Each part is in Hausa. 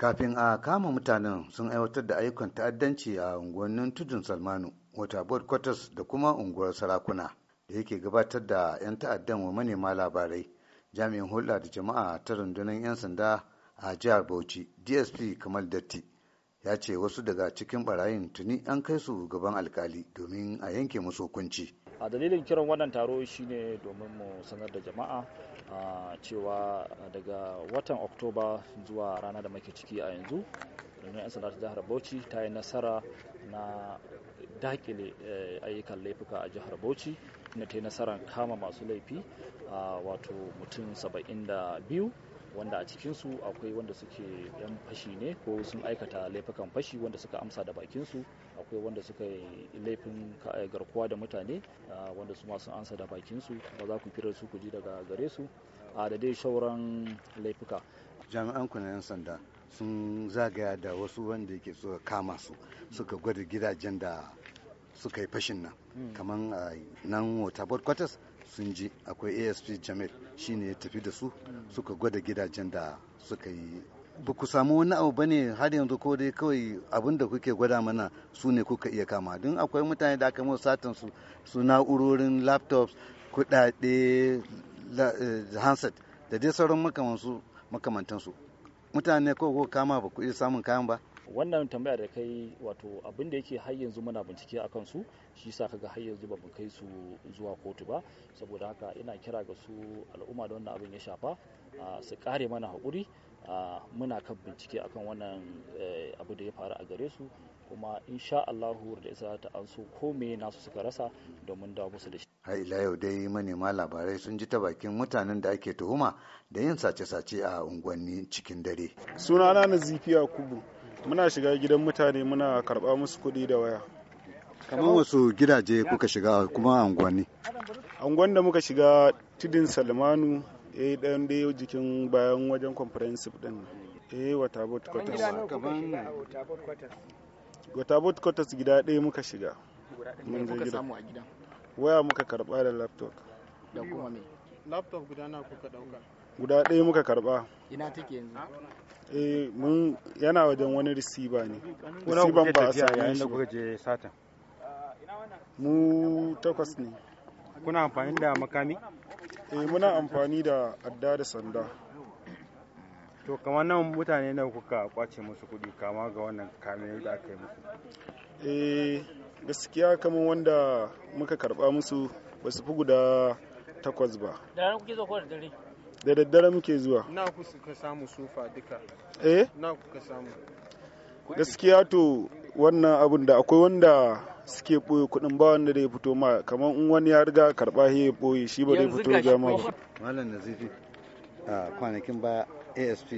kafin a kama mutanen sun aiwatar da ayyukan ta'addanci a unguwannin tudun salmanu wata board quarters da kuma unguwar sarakuna da yake gabatar da 'yan ta'addan wa manema labarai jami'in hulɗa da jama'a ta rundunar 'yan sanda a jihar bauchi dsp kamal datti ya ce wasu daga cikin barayin tuni an kai su gaban alkali domin a yanke musu hukunci a dalilin kiran wannan taro shine domin mu sanar da jama'a cewa daga watan oktoba zuwa rana da muke ciki a yanzu domin 'yan sanda ta jihar bauchi ta yi nasara na dakile eh, ayyukan laifuka a jihar bauchi na ta yi nasarar kama masu laifi wato mutum 72 wanda a cikinsu akwai wanda suke 'yan fashi ne ko sun aikata laifukan fashi wanda suka amsa da bakinsu akwai wanda suka yi laifin eh, garkuwa da mutane ah, wanda su masu amsa da bakinsu ba za ku firar su ku ji daga gare su a da dai shauran laifuka jami'an ku na 'yan sanda sun zagaya da wasu wanda yake suka kama su suka gwada gidajen da suka yi fashin nan kamar nan wata board quarters sun ji akwai asp jamil shine ya tafi da su suka gwada gidajen da suka yi ba ku samu wani abu ba ne har yanzu ko dai kawai abin da kuke gwada mana su ne kuka iya kama don akwai mutane da aka mawa satan su na'urorin laptops kudade eh, handset da dai sauran makamantansu mutane ko kama ba ku iya samun kayan ba wannan tambaya da kai wato abinda yake har yanzu muna bincike a kansu shi sa kaga har yanzu ba mu kai su zuwa kotu ba saboda haka ina kira ga su al'umma da wannan abin ya shafa su kare mana haƙuri muna kan bincike akan wannan eh, abu da ya faru a gare su kuma insha Allahu da isa ta an so ko me nasu suka rasa domin dawo musu da shi har ila yau dai manema labarai sun ji ta bakin mutanen da ake tuhuma da yin sace-sace a unguwanni cikin dare sunana na zifiya kubu muna shiga gidan mutane muna karɓa musu kuɗi da waya kamar wasu gidaje kuka shiga kuma anguwanni anguwan da muka shiga tidin salmanu ya eh, yi ɗan da jikin bayan wajen comprehensive ɗin eh wata bot quarters wata bot quarters gida ɗaya muka shiga mun je gida waya muka karɓa da laptop da kuma me laptop guda kuka dauka guda ɗaya muka karba ina take yanzu eh mun yana wajen wani receiver ne receiver ba a sami shi kuka je satan mu takwas ne kuna amfani da makami eh muna amfani da adda da sanda to kamar nan mutane na kuka kwace musu kuɗi kama ga wannan kamar da aka yi musu eh gaskiya kamar wanda muka karba musu ba su fi guda takwas ba da kuke zo da dare da daddare muke zuwa na kuka samu sufa duka eh na kuka samu gaskiya to wannan abun da akwai wanda suke ɓoye kuɗin ba wanda zai fito ma kamar in wani ya riga karɓa he ya ɓoye shi ba zai fito ga ma ba malam nazifi a kwanakin ba asp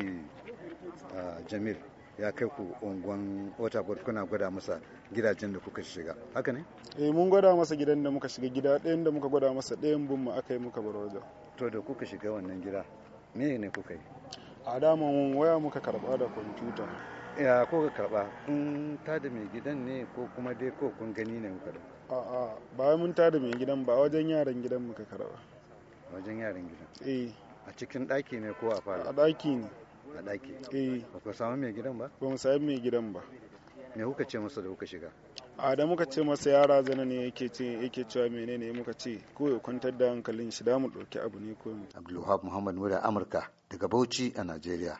jamil ya kai ku unguwan waterboard kuna gwada masa gidajen da kuka shiga haka ne eh mun gwada masa gidan da muka shiga gida ɗayan da muka gwada masa ɗayan bin mu aka yi muka bar wajen to da kuka shiga wannan gida me ne kuka yi a dama mun waya muka karba da kwamfuta ya ko ka karba kun tada mai gidan ne ko kuma dai ko kun gani ne muka da a'a ba mun tada mai gidan ba wajen yaran gidan muka karba wajen yaran gidan eh a cikin ɗaki ne ko a fara a ɗaki ne a ɗaki eh. ba ku samu mu sami mai gidan ba me kuka ce masa da kuka shiga a muka ce masa yara zana ne yake ce yake cewa menene muka ce ko ya kwantar da hankalin shi da mu ɗauki abu ne ko mu Abdulwahab Muhammad Nura Amurka daga Bauchi a Najeriya